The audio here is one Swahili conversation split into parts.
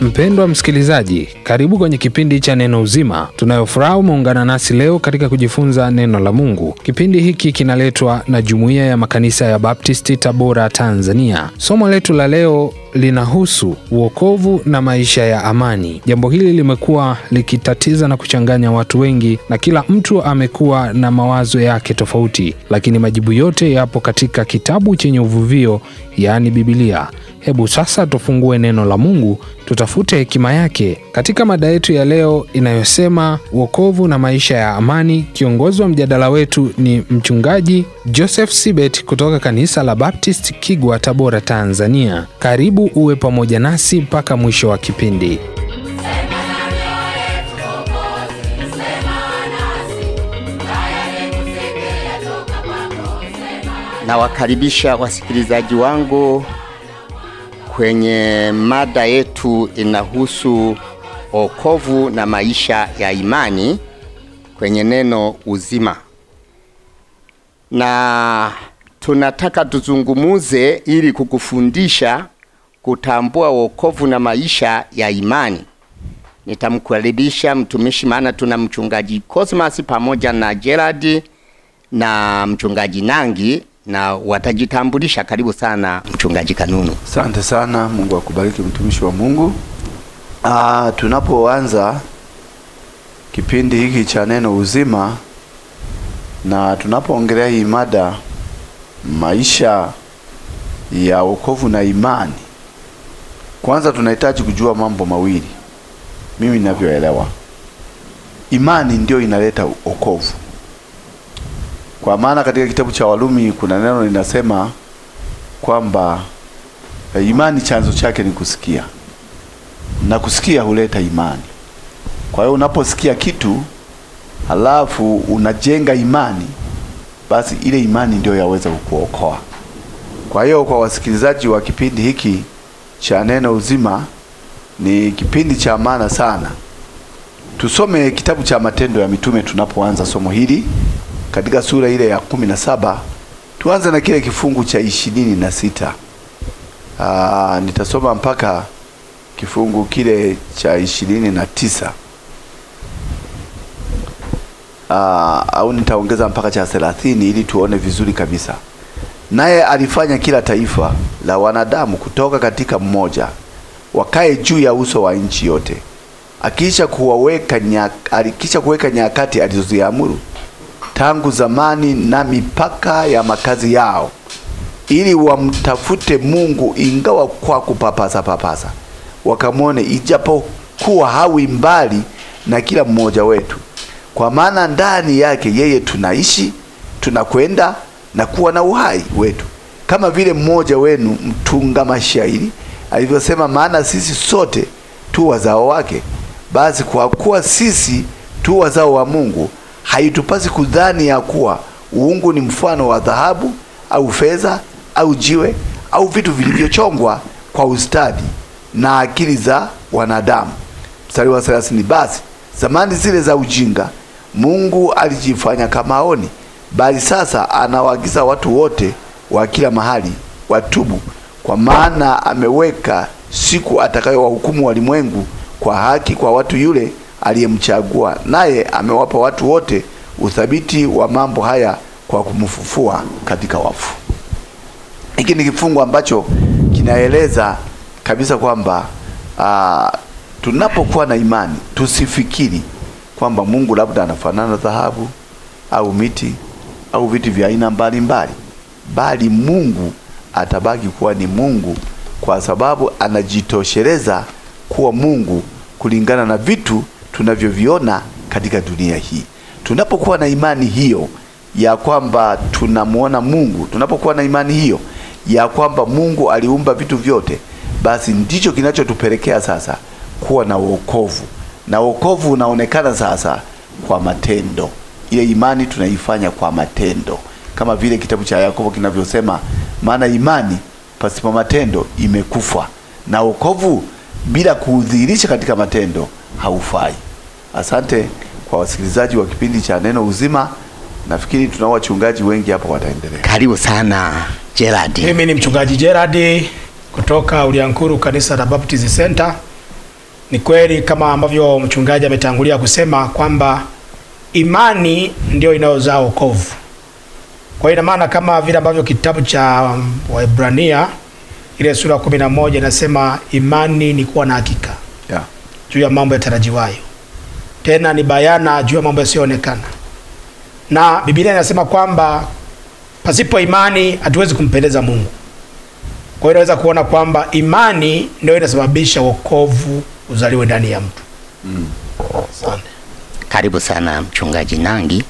Mpendwa msikilizaji, karibu kwenye kipindi cha Neno Uzima. Tunayofuraha umeungana nasi leo katika kujifunza neno la Mungu. Kipindi hiki kinaletwa na Jumuiya ya Makanisa ya Baptisti, Tabora, Tanzania. Somo letu la leo linahusu uokovu na maisha ya amani. Jambo hili limekuwa likitatiza na kuchanganya watu wengi, na kila mtu amekuwa na mawazo yake tofauti, lakini majibu yote yapo katika kitabu chenye uvuvio, yaani bibilia Hebu sasa tufungue neno la Mungu, tutafute hekima yake katika mada yetu ya leo inayosema uokovu na maisha ya amani. Kiongozi wa mjadala wetu ni mchungaji Joseph Sibet kutoka kanisa la Baptist Kigwa, Tabora, Tanzania. Karibu uwe pamoja nasi mpaka mwisho wa kipindi. Nawakaribisha wasikilizaji wangu kwenye mada yetu inahusu okovu na maisha ya imani kwenye neno uzima, na tunataka tuzungumuze ili kukufundisha kutambua wokovu na maisha ya imani. Nitamkaribisha mtumishi, maana tuna mchungaji Cosmas pamoja na Gerard na mchungaji Nangi na watajitambulisha. Karibu sana mchungaji Kanunu. Asante sana, Mungu akubariki mtumishi wa Mungu. Ah, tunapoanza kipindi hiki cha neno uzima na tunapoongelea hii mada maisha ya wokovu na imani, kwanza tunahitaji kujua mambo mawili, mimi ninavyoelewa. Imani ndio inaleta wokovu, kwa maana katika kitabu cha Walumi kuna neno linasema kwamba eh, imani chanzo chake ni kusikia na kusikia huleta imani. Kwa hiyo unaposikia kitu halafu unajenga imani, basi ile imani ndio yaweza kukuokoa. Kwa hiyo kwa wasikilizaji wa kipindi hiki cha Neno Uzima ni kipindi cha maana sana. Tusome kitabu cha Matendo ya Mitume tunapoanza somo hili katika sura ile ya kumi na saba. Tuanze na kile kifungu cha ishirini na sita. Aa, ah, nitasoma mpaka kifungu kile cha ishirini na tisa ah, au nitaongeza mpaka cha thelathini ili tuone vizuri kabisa naye alifanya kila taifa la wanadamu kutoka katika mmoja wakae juu ya uso wa nchi yote, akisha kuwaweka nyaka, alikisha kuweka nyakati alizoziamuru tangu zamani na mipaka ya makazi yao, ili wamtafute Mungu ingawa kwa kupapasa papasa, wakamwone, ijapo kuwa hawi mbali na kila mmoja wetu, kwa maana ndani yake yeye tunaishi, tunakwenda na kuwa na uhai wetu, kama vile mmoja wenu mtunga mashairi alivyosema, maana sisi sote tu wazao wake. Basi kwa kuwa sisi tu wazao wa Mungu, haitupasi kudhani ya kuwa uungu ni mfano wa dhahabu au fedha au jiwe au vitu vilivyochongwa kwa ustadi na akili za wanadamu. Mstari wa 30, basi zamani zile za ujinga Mungu alijifanya kama aoni bali sasa anawaagiza watu wote wa kila mahali watubu, kwa maana ameweka siku atakayowahukumu walimwengu kwa haki kwa watu yule aliyemchagua, naye amewapa watu wote uthabiti wa mambo haya kwa kumfufua katika wafu. Hiki ni kifungu ambacho kinaeleza kabisa kwamba ah, tunapokuwa na imani tusifikiri kwamba Mungu labda anafanana dhahabu au miti au vitu vya aina mbalimbali, bali Mungu atabaki kuwa ni Mungu kwa sababu anajitosheleza kuwa Mungu kulingana na vitu tunavyoviona katika dunia hii. Tunapokuwa na imani hiyo ya kwamba tunamuona Mungu, tunapokuwa na imani hiyo ya kwamba Mungu aliumba vitu vyote, basi ndicho kinachotupelekea sasa kuwa na wokovu, na wokovu unaonekana sasa kwa matendo ile imani tunaifanya kwa matendo, kama vile kitabu cha Yakobo kinavyosema, maana imani pasipo matendo imekufa, na wokovu bila kuudhihirisha katika matendo haufai. Asante kwa wasikilizaji wa kipindi cha Neno Uzima. Nafikiri tunao wachungaji wengi hapa wataendelea. Karibu sana Gerard. Mimi ni mchungaji Gerard kutoka Uliankuru kanisa la Baptist Center. Ni kweli kama ambavyo mchungaji ametangulia kusema kwamba imani ndio inayozaa wokovu. Kwa hiyo ina maana kama vile ambavyo kitabu cha um, Waebrania ile sura ya kumi na moja inasema imani ni kuwa na hakika yeah, juu ya mambo yatarajiwayo, tena ni bayana juu ya mambo yasiyoonekana. Na Biblia inasema kwamba pasipo imani hatuwezi kumpendeza Mungu. Kwa hiyo inaweza kuona kwamba imani ndio inasababisha wokovu uzaliwe ndani ya mtu mm. Karibu sana mchungaji Nangi,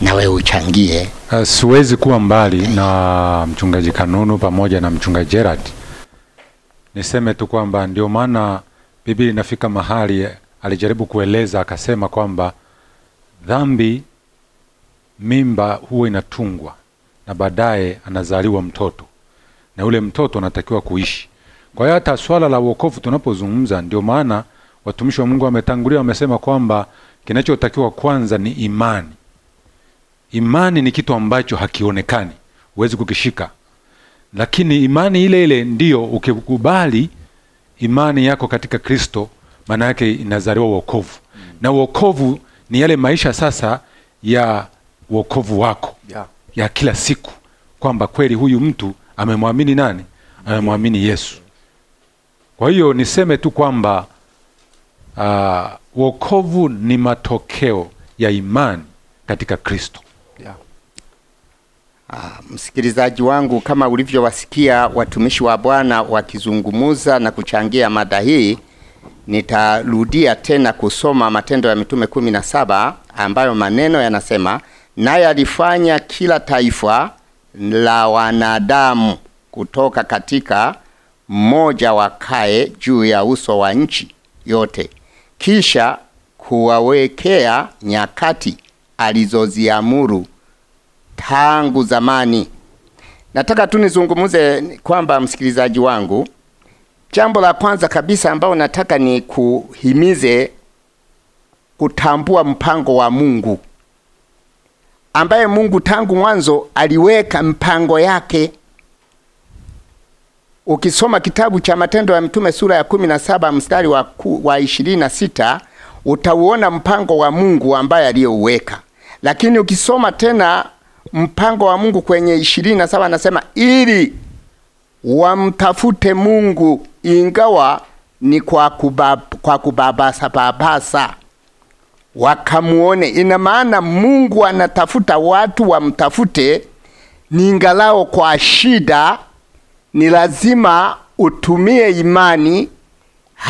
na wewe uchangie. Uh, siwezi kuwa mbali okay. na mchungaji Kanunu pamoja na mchungaji Gerard. Niseme tu kwamba ndio maana Biblia inafika mahali alijaribu kueleza akasema kwamba dhambi, mimba huwa inatungwa na baadaye anazaliwa mtoto na yule mtoto anatakiwa kuishi. Kwa hiyo hata swala la wokovu tunapozungumza, ndio maana watumishi wa Mungu wametangulia wamesema kwamba Kinachotakiwa kwanza ni imani. Imani ni kitu ambacho hakionekani, huwezi kukishika, lakini imani ile ile ndiyo, ukikubali imani yako katika Kristo, maana yake inazaliwa wokovu mm. na wokovu ni yale maisha sasa ya wokovu wako yeah. ya kila siku, kwamba kweli huyu mtu amemwamini nani? Amemwamini Yesu. Kwa hiyo niseme tu kwamba uh, wokovu ni matokeo ya imani katika Kristo yeah. Uh, msikilizaji wangu, kama ulivyowasikia watumishi wa Bwana wakizungumuza na kuchangia mada hii, nitarudia tena kusoma Matendo ya Mitume kumi na saba ambayo maneno yanasema, naye alifanya kila taifa la wanadamu kutoka katika mmoja wakae juu ya uso wa nchi yote kisha kuwawekea nyakati alizoziamuru tangu zamani. Nataka tu nizungumuze kwamba, msikilizaji wangu, jambo la kwanza kabisa ambao nataka ni kuhimize kutambua mpango wa Mungu ambaye Mungu tangu mwanzo aliweka mpango yake Ukisoma kitabu cha Matendo ya Mitume sura ya kumi na saba mstari wa ishirini na sita utauona mpango wa Mungu ambaye aliyouweka, lakini ukisoma tena mpango wa Mungu kwenye ishirini na saba anasema ili wamtafute Mungu ingawa ni kwa, kubab, kwa kubabasa babasa wakamuone. Ina maana Mungu anatafuta watu wamtafute, ni ngalao kwa shida ni lazima utumie imani,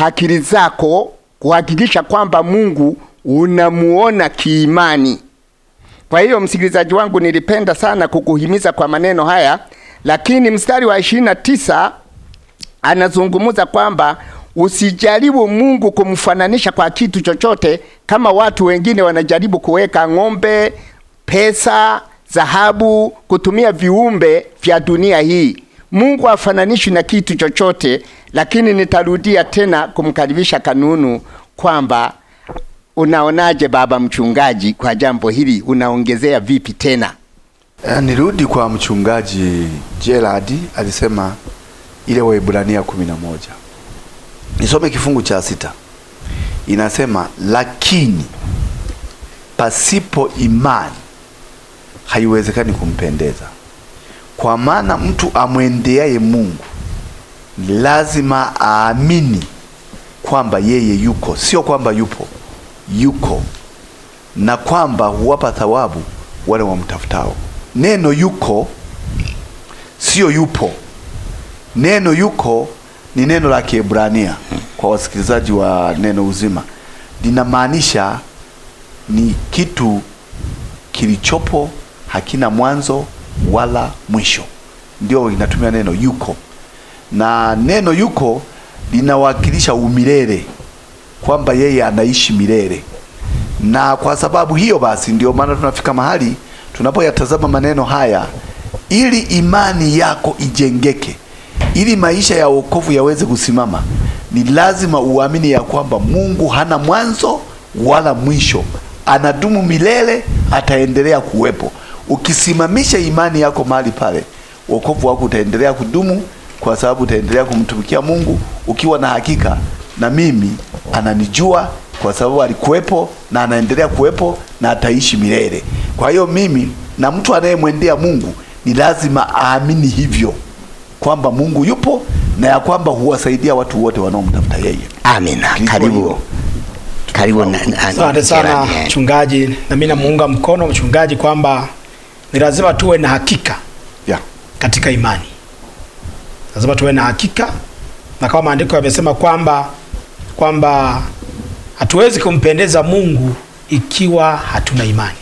akili zako kuhakikisha kwamba Mungu unamuona kiimani. Kwa hiyo msikilizaji wangu, nilipenda sana kukuhimiza kwa maneno haya, lakini mstari wa ishirini na tisa anazungumza kwamba usijaribu Mungu kumfananisha kwa kitu chochote, kama watu wengine wanajaribu kuweka ng'ombe, pesa, dhahabu, kutumia viumbe vya dunia hii. Mungu afananishwi na kitu chochote, lakini nitarudia tena kumkaribisha Kanunu kwamba unaonaje baba mchungaji kwa jambo hili, unaongezea vipi tena? Eh, nirudi kwa mchungaji Gerard, alisema ile Waebrania kumi na moja. Nisome kifungu cha sita, inasema lakini pasipo imani haiwezekani kumpendeza. Kwa maana mtu amwendeaye Mungu lazima aamini kwamba yeye yuko, sio kwamba yupo, yuko, na kwamba huwapa thawabu wale wamtafutao. Neno yuko sio yupo. Neno yuko ni neno la Kiebrania kwa wasikilizaji wa Neno Uzima, linamaanisha ni kitu kilichopo, hakina mwanzo, wala mwisho. Ndio inatumia neno yuko, na neno yuko linawakilisha umilele, kwamba yeye anaishi milele. Na kwa sababu hiyo basi, ndio maana tunafika mahali tunapoyatazama maneno haya, ili imani yako ijengeke, ili maisha ya wokovu yaweze kusimama, ni lazima uamini ya kwamba Mungu hana mwanzo wala mwisho, anadumu milele, ataendelea kuwepo. Ukisimamisha imani yako mahali pale, wokovu wako utaendelea kudumu, kwa sababu utaendelea kumtumikia Mungu ukiwa na hakika, na mimi ananijua kwa sababu alikuwepo na anaendelea kuwepo na ataishi milele. Kwa hiyo mimi na mtu anayemwendea Mungu ni lazima aamini hivyo kwamba Mungu yupo na ya kwamba huwasaidia watu wote wanaomtafuta yeye. Amina. Karibu. Karibu. Asante sana mchungaji, na mimi namuunga mkono mchungaji kwamba ni lazima tuwe na hakika yeah. katika imani, lazima tuwe na hakika, na kama maandiko yamesema kwamba kwamba hatuwezi kumpendeza Mungu ikiwa hatuna imani.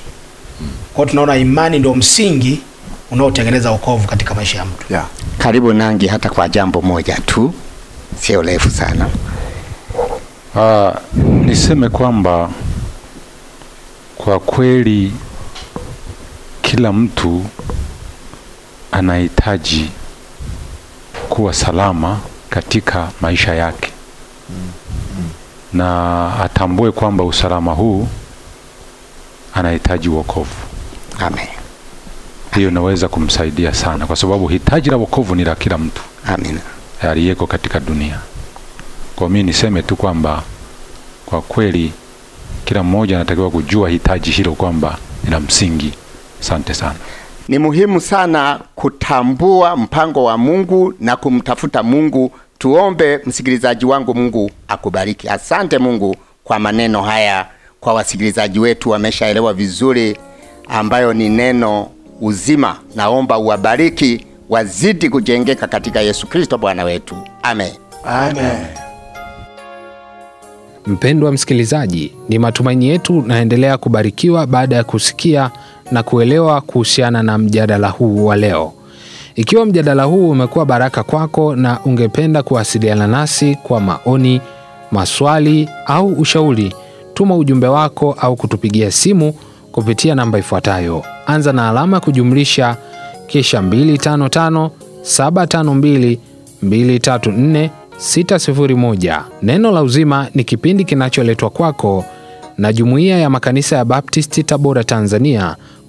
Hmm. Kwa tunaona imani ndio msingi unaotengeneza wokovu katika maisha ya mtu yeah. Karibu nangi hata kwa jambo moja tu, sio refu sana. Uh, niseme kwamba kwa kweli kila mtu anahitaji kuwa salama katika maisha yake na atambue kwamba usalama huu anahitaji wokovu. Amen. Hiyo inaweza kumsaidia sana, kwa sababu hitaji la wokovu ni la kila mtu Amen. aliyeko katika dunia. Kwa mimi niseme tu kwamba kwa kweli kila mmoja anatakiwa kujua hitaji hilo kwamba ni la msingi Asante sana. Ni muhimu sana kutambua mpango wa Mungu na kumtafuta Mungu. Tuombe msikilizaji wangu, Mungu akubariki. Asante Mungu kwa maneno haya, kwa wasikilizaji wetu wameshaelewa vizuri, ambayo ni neno uzima. Naomba uwabariki, wazidi kujengeka katika Yesu Kristo Bwana wetu, amen. Amen. Mpendwa msikilizaji, ni matumaini yetu naendelea kubarikiwa baada ya kusikia na kuelewa kuhusiana na mjadala huu wa leo. Ikiwa mjadala huu umekuwa baraka kwako na ungependa kuwasiliana nasi kwa maoni, maswali au ushauri, tuma ujumbe wako au kutupigia simu kupitia namba ifuatayo: anza na alama kujumlisha kisha 255 752 234 601. Neno la Uzima ni kipindi kinacholetwa kwako na Jumuiya ya Makanisa ya Baptisti Tabora, Tanzania